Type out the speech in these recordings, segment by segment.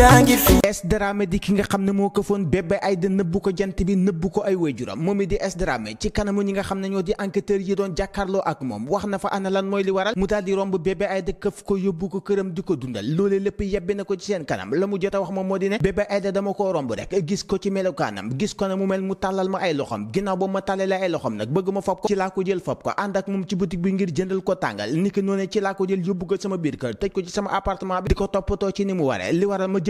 yaa ngi fi es Dramé di ki nga xam ne moo këfoon bébé Aïda nëbbu ko jant bi nëbbu ko ay waajuram moom it di es ci kanamu ñi nga xam ne ñoo di enquêteurs yi doon jàkkaarloo ak moom wax na fa ana lan mooy li waral mu daal di romb bébé Aïda këf ko yóbbu ko këram di ko dundal loolee lépp yebbi na ko ci seen kanam la mu jot a wax ma moo di ne bébé Aïda dama koo romb rek gis ko ci melokaanam gis ko na mu mel mu tàllal ma ay loxom ginnaaw ba ma tàllalee ay loxom nag ma fob ko ci laa ko jël fob ko ànd ak moom ci boutique bi ngir jëndal ko tàngal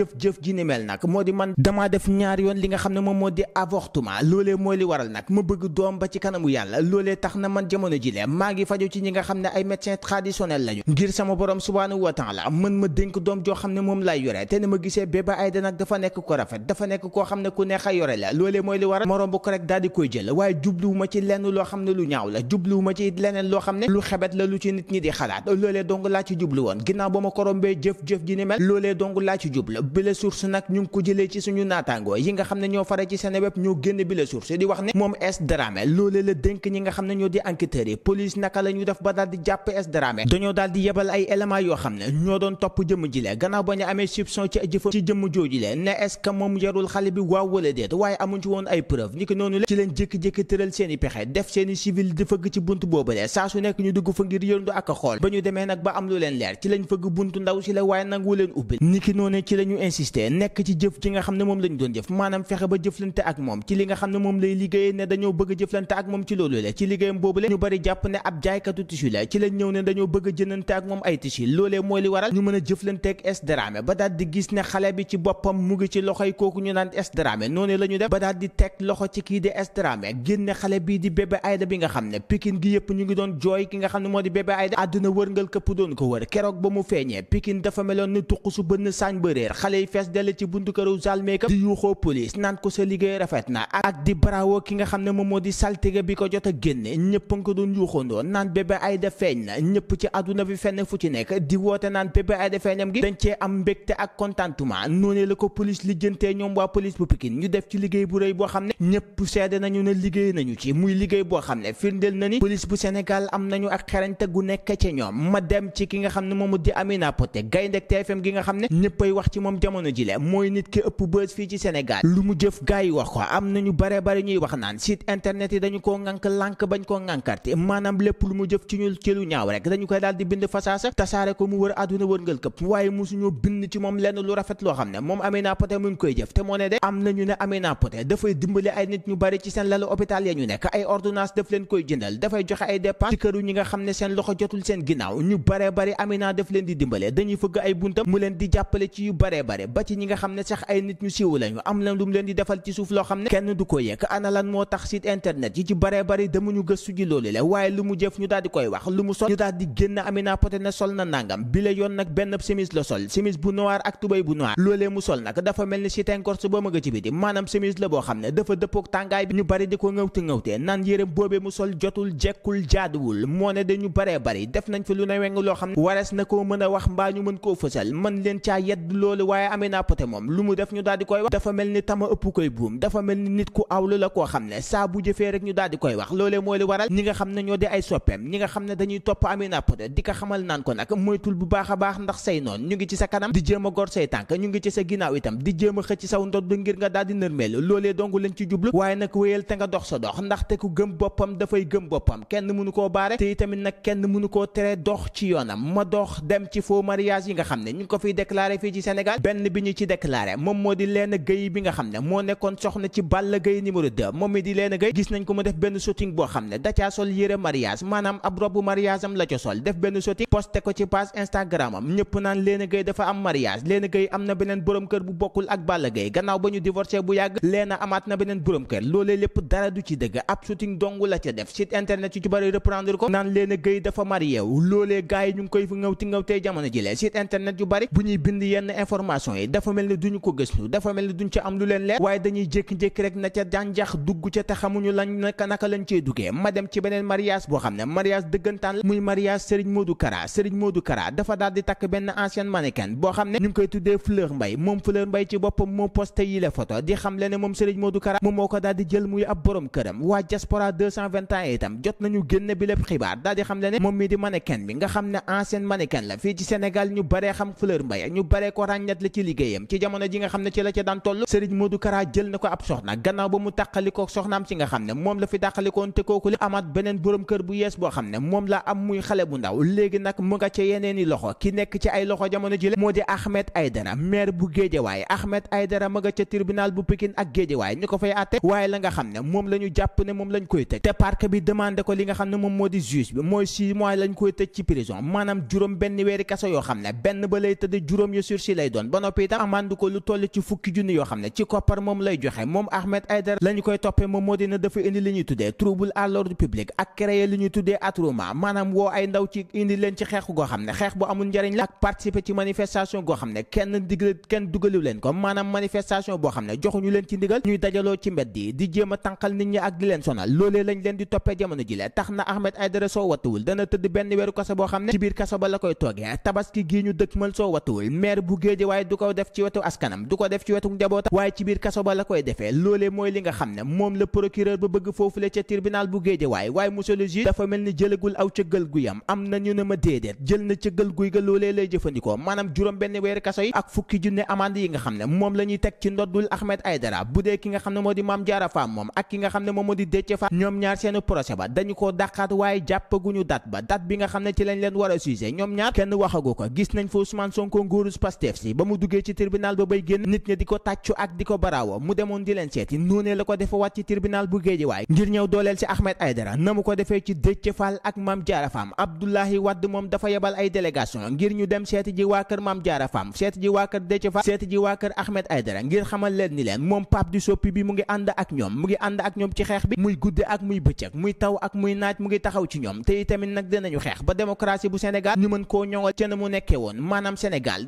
bi jëf-jëf ji ni mel nag moo di man damaa def ñaar yoon li nga xam ne moom moo di avortement loolee mooy li waral nag ma bëgg doom ba ci kanamu yàlla loolee tax na man jamono ji lee maa ngi faju ci ñi nga xam ne ay médecins traditionnels lañu ngir sama borom subhaanahu wa taala mën ma dénk doom joo xam ne moom laay yore te ne ma gisee Bébé Aïda nag dafa nekk ko rafet dafa nekk koo xam ne ku neex a yore la loolee mooy li waral morom bu ko rek daal di koy jël waaye jubluwuma ci lenn loo xam ne lu ñaaw la jubluwuma ci leneen loo xam ne lu xebet la lu ci nit ñi di xalaat loolee dong laa ci jublu woon ginnaaw ba ma korombee jëf-jëf ji ni mel loolee dong laa ci jublu bile source nag ñu ngi ko jëlee ci suñu naataangoo yi nga xam ne ñoo fare ci Seneweb ñoo génn bile source di wax ne moom S Dramé loolee la dénk ñi nga xam ne ñoo di enquêteurs police naka la def ba daal jàpp S Dramé dañoo daal yebal ay éléments yoo xam ne ñoo doon topp jëmm ji gannaaw ba ñu amee soupçon ci jëfam ci jëmm jooju le ne est-ce que moom yarul xale bi waaw wala déet waaye amuñ woon ay preuve ni noonu la ci leen jékki-jékki tëral seeni dugg fa ngir yërndu ak a xool ba ñu demee nag ba am lu ñu insister nekk ci jëf ji nga xam ne moom lañu doon jëf maanaam fexe ba jëflante ak moom ci li nga xam ne moom lay liggéeyee ne dañoo bëgg a jëflante ak moom ci loolu la ci liggéeyam boobu la ñu bari jàpp ne ab jaaykatu tissu la ci lañ ñëw ne dañoo bëgg a jënante ak moom ay tissu loolee mooy li waral ñu mën a jëflanteeg es dramé ba daal gis ne xale bi ci boppam mu ngi ci loxoy kooku ñu naan es dramé noonu la def ba daal teg loxo ci kii di es dramé génne xale bii xale yi fees dell ci buntu këru Zalméka di yuuxoo police naan ko sa liggéey rafet na ak di bravo ki nga xam ne moom moo di saltige bi ko jot a génne ñëpp nga ko doon yuuxandoo naan bébé Aïda feeñ na ñëpp ci àdduna bi fenn fu ci nekk di woote naan bébé Aïda feeñam gi dañ cee am mbégte ak contentement noonu la ko police lijjantee ñoom waa police ñu def ci liggéey bu rëy boo xam ne ñëpp seede nañu ne liggéey nañu ci muy liggéey xam ne firndeel na ni police bu Sénégal am nañu ak xarañte gu nekk ci ñoom ma dem ci ki nga xam ne moomu di Amina pote gaynde TFM gi nga xam ne ñëppay wax ci moom moom jamono ji le mooy nit ki ëpp bës fii ci Sénégal lu mu jëf gars yi wax ko am nañu bare bare ñuy wax naan site internet yi dañu koo ŋànk lànk bañ koo ŋànkarti maanaam lépp lu mu jëf ci ñu ñaaw rek dañu koy daal bind fasaasa tasaare ko mu wër àdduna wërngal këpp waaye mosuñoo bind ci moom lenn lu rafet loo xam ne moom Amina Poté mu ngi koy jëf te moo ne de am nañu ne Amina Poté dafay dimbali ay nit ñu bari ci seen lalu hôpital ya ñu nekk ay bare bare ba ci ñi nga xam ne sax ay nit ñu siiw lañu am lan lu mu leen di defal ci suuf loo xam ne kenn du ko yëg ana moo tax site internet yi ci bare bare demuñu gëstu ji loolu la waaye lu mu jëf ñu daal koy wax lu mu sol ñu bu noir ak tubéy bu noir loolee mu sol nag dafa mel ni Chitaine Korse ba ma nga ci biti maanaam simis la boo xam ne dafa dëppook tàngaay bi ñu bari di ko ŋëwte naan yére boobee mu sol jotul jekkul jaaduwul loo a wax mbaa ñu mën koo fësal waaye Amina Poté moom lu mu def ñu daal di koy wax dafa mel ni tama ëpp koy buum dafa mel ni nit ku awlu la koo xam ne saa bu jëfee rek ñu daal di koy wax loole moo li waral ñi nga xam ne ñoo di ay soppeem ñi nga xam ne dañuy topp Amina Poté di ko xamal naan ko nag moytul bu baax a baax ndax say noon ñu ngi ci sa kanam di jéem a gor say tànk ñu ngi ci sa ginnaaw itam di jéem a xëcc saw ndodd ngir nga daal di nërmeel loole dong lañ ci jublu waaye nag wéyal te nga dox sa dox ndaxte ku gëm boppam dafay boppam kenn mënu koo baare te itamit nag kenn mënu koo tere dox ci yoonam ma dox dem ci faux mariage yi nga xam ne ñu ngi ko fiy déclaré fii ci Sénégal benn bi ñu ci déclaré moom moo di Léna Gueye bi nga xam ne moo nekkoon soxna ci Balla Gaye numéro 2 moom mi di Léna Gueye gis nañ ko mu def benn shooting boo xam ne da caa sol yére mariage maanaam ab robu mariage am la ca def benn shooting posté ko ci page Instagram am ñëpp naan Léna Gueye dafa am mariage Léna Gueye am na beneen borom kër bu bokkul ak Balla Gaye gannaaw ba ñu divorcé bu yàgg Léna amaat na beneen borom kër loolee lépp dara du ci dëgg ab shooting la ca def site internet yu ci bari reprendre ko naan Léna Gueye dafa marié wu loolee gars yi ñu ngi koy ngawti ngawtee jamono ji lee site internet yu bari bu ñuy bind information yi dafa mel ni duñu ko gëstu dafa mel ni duñ ca am lu leen leer waaye dañuy jékki-jékki rek na ca jànjax dugg ca te xamuñu lañ naka naka lañ duggee ma dem ci beneen mariage boo xam ne mariage dëggantaan muy mariage Serigne Modou Kara Serigne Modou Kara dafa daal takk benn ancienne mannequin boo xam ne ñu ngi koy tuddee Fleur Mbaye moom Fleur Mbaye ci boppam moo posté yi photo di xam le ne moom Serigne Modou Kara moom moo ko daal jël muy ab borom këram la ci liggéeyam ci jamono ji nga xam ne ci la ca daan toll Serigne Modou Kara jël na ko ab soxna gannaaw ba mu tàqalikoo soxnaam ci nga xam ne moom la fi tàqalikoon te kooku li amaat beneen kër bu yees boo xam ne moom la am muy xale bu ndaw léegi nag mu nga ca yeneeni loxo ki nekk ci ay loxo jamono ji la moo di Ahmed Aidara maire bu waaye Ahmed Aidara ma nga ca tribunal bu Pikine ak Géejawaay ñu ko fay àtte waaye la nga xam ne moom la ñu jàpp ne moom lañ koy tëj te parquet bi demande ko li nga xam ne moom moo di juge bi mois lañ koy tëj ci prison maanaam juróom benn weeri kaso yoo xam ne benn ba lay tëdd juróom yu doon ba noppi itam amande ko lu toll ci fukki junni yoo xam ne ci koppar moom lay joxe moom Ahmed Aidara la ñu koy toppee moom moo dina dafa indi li ñuy tuddee trouble à l'ordre public ak créer li ñuy tuddee attroupement maanaam woo ay ndaw ci indi leen ci xeex goo xam ne xeex bu amul njariñ la ak participer ci manifestation goo xam ne kenn digle kenn dugaliw leen ko maanaam manifestation boo xam ne joxuñu leen ci ndigal ñuy dajaloo ci mbedd yi di jéem a tànqal di leen sonal loolee lañ ji lee tax na Ahmed Aidara soo wattuwul dana tëdd benn weeru kaso boo xam koy toogee waaye du ko def ci wetu askanam du ko def ci wetu njaboota waaye ci biir kaso ba la koy defee loolee mooy li nga xam ne moom la procureur ba bëgg foofule ca tribunal bu Guédiawaye waaye monsieur le juge dafa mel ni jëlagul aw cëggal guyam am na ñu ne ma déedéet jël na cëggal guy ga loolee lay jëfandikoo maanaam juróom benn weeri kaso yi ak fukki junne amande yi nga xam ne moom la ñuy teg ci ndoddul Ahmed Aïdara bu dee ki nga xam ne moo di Mame Diarra ki nga xam ne moom moo di Déthié Fall ñoom ñaar seenu procès ba dañu koo dàqaat waaye jàppaguñu date ba a sujet ko gis nañ fa Ousmane ba mu duggee ci tribunal ba bay génn nit ñi di ko tàccu ak di ko baraawo mu demoon di leen seeti noonee la ko defewaat ci tribunal bu waaye ngir ñëw dooleel ci Ahmed Aidara na mu ko defee ci Déthié Fall ak Mame Diarra Fam Abdoulaye Wade moom dafa yebal ay délégation ngir ñu dem seeti ji waa kër maam Diarra Fam seeti ji waa kër Déthié Fall seeti ji waa kër Ahmed Aidara ngir xamal leen ni leen moom Pape du Soppi bi mu ngi ànd ak ñoom mu ngi ànd ak ñoom ci xeex bi muy gudde ak muy bëccëg muy taw muy naaj mu ngi taxaw ci ñoom te itamit nag dinañu xeex ba démocratie bu Sénégal ñu mën koo ñoŋal ca na mu nekkee maanaam Sénégal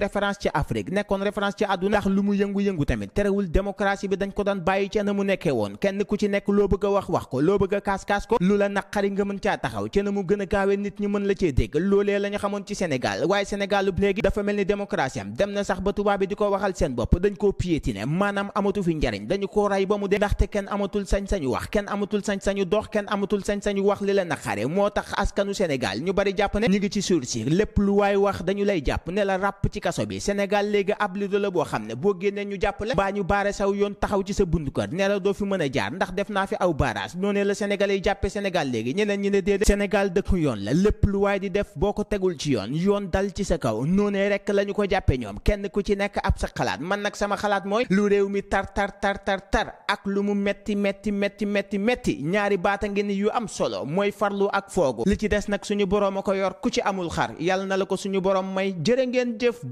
référence ci Afrique nekkoon référence ci àdduna ndax lu mu yëngu-yëngu tamit terewul démocratie bi dañ ko daan bàyyi ci na mu nekkee woon kenn ku ci nekk loo bëgg a wax wax ko loo bëgg a kaas-kaas ko lu la naqari nga mën caa taxaw ci na mu gën a gaawee nit ñi mën la cee dégg loolee la ñu xamoon ci Sénégal waaye Sénégal bu léegi dafa mel ni démocratie am dem na sax ba tubaab bi di ko waxal seen bopp dañ koo piétiner maanaam amatu fi njariñ dañu ko ray ba mu dee ndaxte kenn amatul sañ-sañu wax kenn amatul sañ-sañu dox kenn amatul sañ-sañu wax li la naqare moo tax askanu Sénégal ñu bari jàpp ne ñu ngi ci sursi lépp lu waay wax dañu la ràpp kaso bi Sénégal léegi ab lido la boo xam ne boo génnee ñu jàppale baa ñu baare saw yoon taxaw ci sa buntu kër doo fi mën a jaar ndax def naa fi aw barrage noonee la Sénégal yi jàppe Sénégal léegi ñeneen ñi ne déedéet Sénégal dëkku yoon la lépp lu waaye di def boo ko tegul ci yoon yoon dal ci sa kaw noonee rek la ñu ko jàppe ñoom kenn ku ci nekk ab sa xalaat man nag sama xalaat mooy lu réew mi tar tar tar tar tar ak lu mu metti metti metti metti metti ñaari baata ngi ni yu am solo mooy farlu ak foogu li ci des nag suñu boroom a ko yor